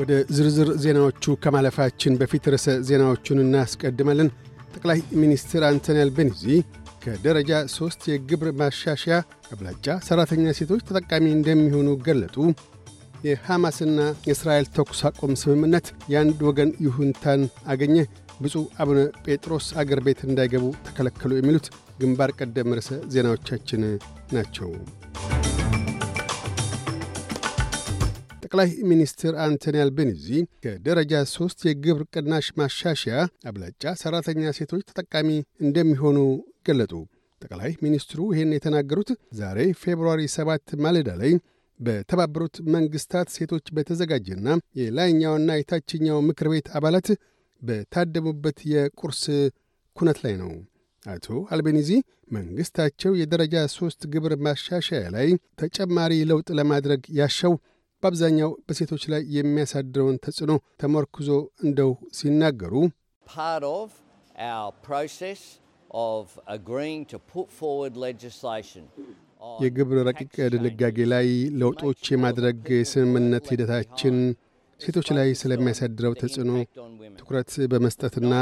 ወደ ዝርዝር ዜናዎቹ ከማለፋችን በፊት ርዕሰ ዜናዎቹን እናስቀድማለን። ጠቅላይ ሚኒስትር አንቶኒ አልቤኒዚ ከደረጃ ሦስት የግብር ማሻሻያ አብላጫ ሠራተኛ ሴቶች ተጠቃሚ እንደሚሆኑ ገለጡ። የሐማስና የእስራኤል ተኩስ አቁም ስምምነት የአንድ ወገን ይሁንታን አገኘ። ብፁዕ አቡነ ጴጥሮስ አገር ቤት እንዳይገቡ ተከለከሉ። የሚሉት ግንባር ቀደም ርዕሰ ዜናዎቻችን ናቸው። ጠቅላይ ሚኒስትር አንቶኒ አልቤኒዚ ከደረጃ ሶስት የግብር ቅናሽ ማሻሻያ አብላጫ ሠራተኛ ሴቶች ተጠቃሚ እንደሚሆኑ ገለጡ። ጠቅላይ ሚኒስትሩ ይህን የተናገሩት ዛሬ ፌብርዋሪ 7 ማለዳ ላይ በተባበሩት መንግሥታት ሴቶች በተዘጋጀና የላይኛውና የታችኛው ምክር ቤት አባላት በታደሙበት የቁርስ ኩነት ላይ ነው። አቶ አልቤኒዚ መንግሥታቸው የደረጃ ሦስት ግብር ማሻሻያ ላይ ተጨማሪ ለውጥ ለማድረግ ያሻው በአብዛኛው በሴቶች ላይ የሚያሳድረውን ተጽዕኖ ተመርኩዞ እንደው ሲናገሩ የግብር ረቂቅ ድንጋጌ ላይ ለውጦች የማድረግ የስምምነት ሂደታችን ሴቶች ላይ ስለሚያሳድረው ተጽዕኖ ትኩረት በመስጠትና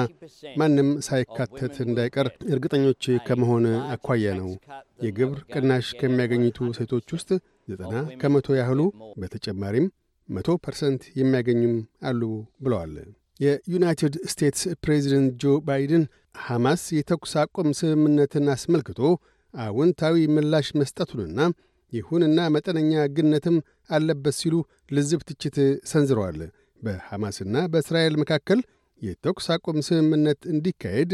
ማንም ሳይካተት እንዳይቀር እርግጠኞች ከመሆን አኳያ ነው። የግብር ቅናሽ ከሚያገኙቱ ሴቶች ውስጥ ዘጠና ከመቶ ያህሉ በተጨማሪም መቶ ፐርሰንት የሚያገኙም አሉ ብለዋል። የዩናይትድ ስቴትስ ፕሬዚደንት ጆ ባይደን ሐማስ የተኩስ አቁም ስምምነትን አስመልክቶ አዎንታዊ ምላሽ መስጠቱንና ይሁንና መጠነኛ ግነትም አለበት ሲሉ ልዝብ ትችት ሰንዝረዋል። በሐማስና በእስራኤል መካከል የተኩስ አቁም ስምምነት እንዲካሄድ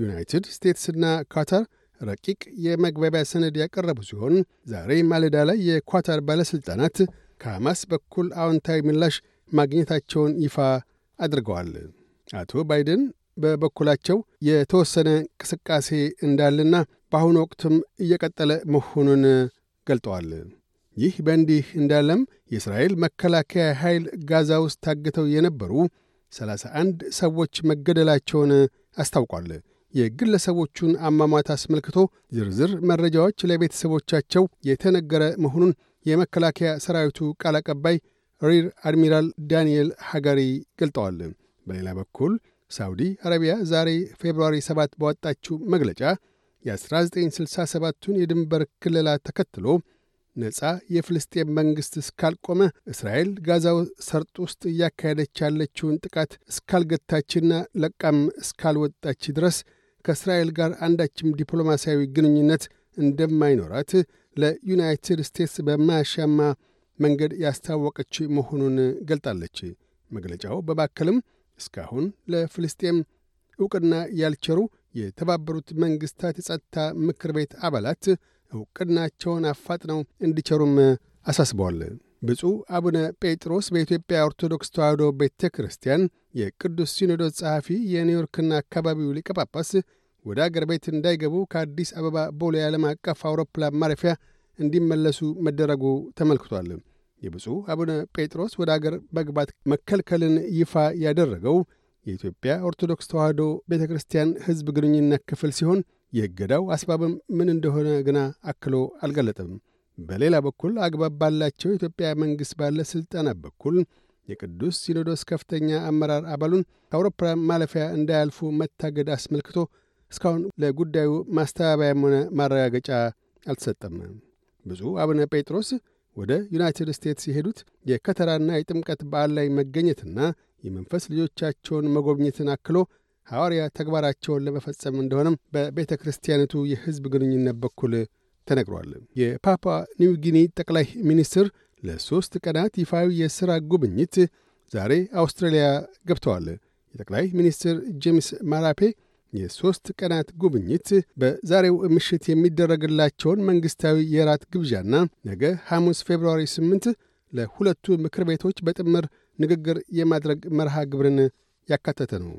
ዩናይትድ ስቴትስና ኳታር ረቂቅ የመግባቢያ ሰነድ ያቀረቡ ሲሆን ዛሬ ማለዳ ላይ የኳታር ባለሥልጣናት ከሐማስ በኩል አዎንታዊ ምላሽ ማግኘታቸውን ይፋ አድርገዋል። አቶ ባይደን በበኩላቸው የተወሰነ እንቅስቃሴ እንዳለና በአሁኑ ወቅትም እየቀጠለ መሆኑን ገልጠዋል። ይህ በእንዲህ እንዳለም የእስራኤል መከላከያ ኃይል ጋዛ ውስጥ ታግተው የነበሩ 31 ሰዎች መገደላቸውን አስታውቋል። የግለሰቦቹን አሟሟት አስመልክቶ ዝርዝር መረጃዎች ለቤተሰቦቻቸው የተነገረ መሆኑን የመከላከያ ሰራዊቱ ቃል አቀባይ ሪር አድሚራል ዳንኤል ሀጋሪ ገልጠዋል። በሌላ በኩል ሳውዲ አረቢያ ዛሬ ፌብርዋሪ 7 ባወጣችው መግለጫ የ1967ቱን የድንበር ክልላ ተከትሎ ነፃ የፍልስጤም መንግሥት እስካልቆመ እስራኤል ጋዛው ሰርጥ ውስጥ እያካሄደች ያለችውን ጥቃት እስካልገታችና ለቃም እስካልወጣች ድረስ ከእስራኤል ጋር አንዳችም ዲፕሎማሲያዊ ግንኙነት እንደማይኖራት ለዩናይትድ ስቴትስ በማያሻማ መንገድ ያስታወቀች መሆኑን ገልጣለች። መግለጫው በማከልም እስካሁን ለፍልስጤም ዕውቅና ያልቸሩ የተባበሩት መንግሥታት የጸጥታ ምክር ቤት አባላት እውቅናቸውን አፋጥነው እንዲቸሩም አሳስበዋል። ብፁዕ አቡነ ጴጥሮስ በኢትዮጵያ ኦርቶዶክስ ተዋሕዶ ቤተ ክርስቲያን የቅዱስ ሲኖዶስ ጸሐፊ፣ የኒውዮርክና አካባቢው ሊቀ ጳጳስ ወደ አገር ቤት እንዳይገቡ ከአዲስ አበባ ቦሌ ዓለም አቀፍ አውሮፕላን ማረፊያ እንዲመለሱ መደረጉ ተመልክቷል። የብፁዕ አቡነ ጴጥሮስ ወደ አገር መግባት መከልከልን ይፋ ያደረገው የኢትዮጵያ ኦርቶዶክስ ተዋሕዶ ቤተ ክርስቲያን ሕዝብ ግንኙነት ክፍል ሲሆን የእገዳው አስባብም ምን እንደሆነ ግና አክሎ አልገለጠም። በሌላ በኩል አግባብ ባላቸው የኢትዮጵያ መንግሥት ባለሥልጣናት በኩል የቅዱስ ሲኖዶስ ከፍተኛ አመራር አባሉን ከአውሮፕላን ማለፊያ እንዳያልፉ መታገድ አስመልክቶ እስካሁን ለጉዳዩ ማስተባበያም ሆነ ማረጋገጫ አልተሰጠም። ብፁዕ አቡነ ጴጥሮስ ወደ ዩናይትድ ስቴትስ የሄዱት የከተራና የጥምቀት በዓል ላይ መገኘትና የመንፈስ ልጆቻቸውን መጎብኘትን አክሎ ሐዋርያ ተግባራቸውን ለመፈጸም እንደሆነም በቤተ ክርስቲያኒቱ የሕዝብ ግንኙነት በኩል ተነግሯል። የፓፓ ኒውጊኒ ጠቅላይ ሚኒስትር ለሦስት ቀናት ይፋዊ የሥራ ጉብኝት ዛሬ አውስትራሊያ ገብተዋል። የጠቅላይ ሚኒስትር ጄምስ ማራፔ የሦስት ቀናት ጉብኝት በዛሬው ምሽት የሚደረግላቸውን መንግሥታዊ የራት ግብዣና ነገ ሐሙስ ፌብርዋሪ 8 ለሁለቱ ምክር ቤቶች በጥምር ንግግር የማድረግ መርሃ ግብርን ያካተተ ነው።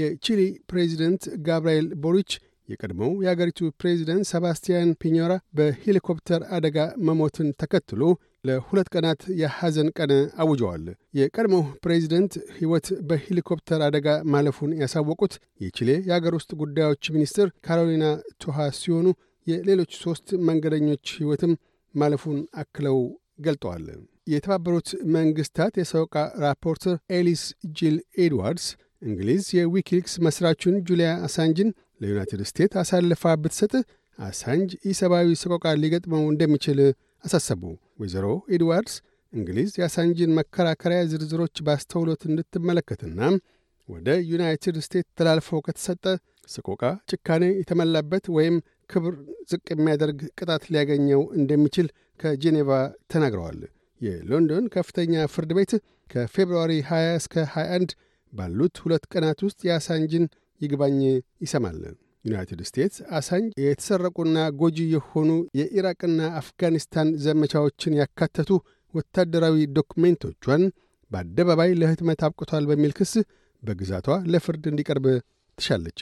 የቺሊ ፕሬዚደንት ጋብርኤል ቦሪች የቀድሞው የአገሪቱ ፕሬዚደንት ሰባስቲያን ፒኞራ በሄሊኮፕተር አደጋ መሞትን ተከትሎ ለሁለት ቀናት የሐዘን ቀን አውጀዋል። የቀድሞው ፕሬዚደንት ሕይወት በሄሊኮፕተር አደጋ ማለፉን ያሳወቁት የቺሌ የአገር ውስጥ ጉዳዮች ሚኒስትር ካሮሊና ቶሃ ሲሆኑ የሌሎች ሦስት መንገደኞች ሕይወትም ማለፉን አክለው ገልጠዋል። የተባበሩት መንግሥታት የሰውቃ ራፖርተር ኤሊስ ጂል ኤድዋርድስ እንግሊዝ የዊኪሊክስ መሥራቹን ጁሊያ አሳንጅን ለዩናይትድ ስቴትስ አሳልፋ ብትሰጥ አሳንጅ ኢሰብአዊ ሰቆቃ ሊገጥመው እንደሚችል አሳሰቡ። ወይዘሮ ኤድዋርድስ እንግሊዝ የአሳንጅን መከራከሪያ ዝርዝሮች በአስተውሎት እንድትመለከትና ወደ ዩናይትድ ስቴትስ ተላልፈው ከተሰጠ ስቆቃ ጭካኔ የተሞላበት ወይም ክብር ዝቅ የሚያደርግ ቅጣት ሊያገኘው እንደሚችል ከጄኔቫ ተናግረዋል። የሎንዶን ከፍተኛ ፍርድ ቤት ከፌብርዋሪ 20 እስከ 21 ባሉት ሁለት ቀናት ውስጥ የአሳንጅን ይግባኝ ይሰማል። ዩናይትድ ስቴትስ አሳንጅ የተሰረቁና ጎጂ የሆኑ የኢራቅና አፍጋኒስታን ዘመቻዎችን ያካተቱ ወታደራዊ ዶክሜንቶቿን በአደባባይ ለህትመት አብቅቷል በሚል ክስ በግዛቷ ለፍርድ እንዲቀርብ ትሻለች።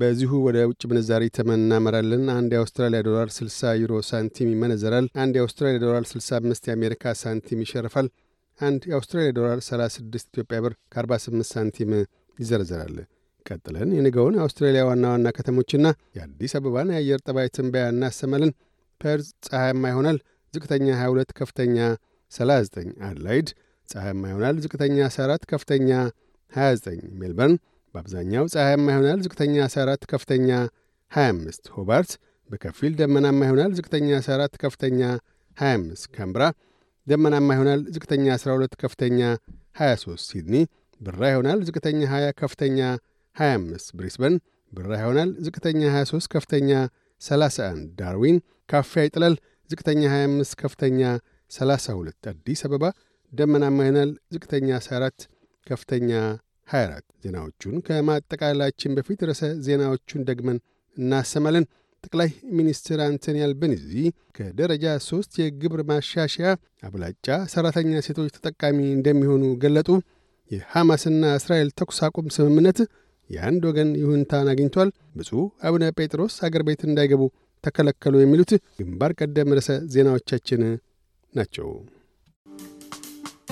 በዚሁ ወደ ውጭ ምንዛሪ ተመን እናመራለን። አንድ የአውስትራሊያ ዶላር 60 ዩሮ ሳንቲም ይመነዘራል። አንድ የአውስትራሊያ ዶላር 65 የአሜሪካ ሳንቲም ይሸርፋል። አንድ የአውስትራሊያ ዶላር 36 ኢትዮጵያ ብር ከ48 ሳንቲም ይዘረዘራል። ቀጥለን የነገውን የአውስትራሊያ ዋና ዋና ከተሞችና የአዲስ አበባን የአየር ጠባይ ትንበያ እናሰማለን። ፐርዝ ፀሐያማ ይሆናል። ዝቅተኛ 22፣ ከፍተኛ 39። አድላይድ ፀሐያማ ይሆናል። ዝቅተኛ 14፣ ከፍተኛ 29። ሜልበርን በአብዛኛው ፀሐያማ ይሆናል። ዝቅተኛ 14፣ ከፍተኛ 25። ሆባርት በከፊል ደመናማ ይሆናል። ዝቅተኛ 14፣ ከፍተኛ 25። ካምብራ ደመናማ ይሆናል። ዝቅተኛ 12፣ ከፍተኛ 23። ሲድኒ ብራ ይሆናል። ዝቅተኛ 20፣ ከፍተኛ 25። ብሪስበን ብራ ይሆናል። ዝቅተኛ 23፣ ከፍተኛ 31። ዳርዊን ካፊያ ይጥላል። ዝቅተኛ 25፣ ከፍተኛ 32። አዲስ አበባ ደመናማ ይሆናል። ዝቅተኛ 14፣ ከፍተኛ 24። ዜናዎቹን ከማጠቃላችን በፊት ርዕሰ ዜናዎቹን ደግመን እናሰማለን። ጠቅላይ ሚኒስትር አንቶኒ አልበኒዚ ከደረጃ ሶስት የግብር ማሻሻያ አብላጫ ሠራተኛ ሴቶች ተጠቃሚ እንደሚሆኑ ገለጡ። የሐማስና እስራኤል ተኩስ አቁም ስምምነት የአንድ ወገን ይሁንታን አግኝቷል። ብፁዕ አቡነ ጴጥሮስ አገር ቤት እንዳይገቡ ተከለከሉ። የሚሉት ግንባር ቀደም ርዕሰ ዜናዎቻችን ናቸው።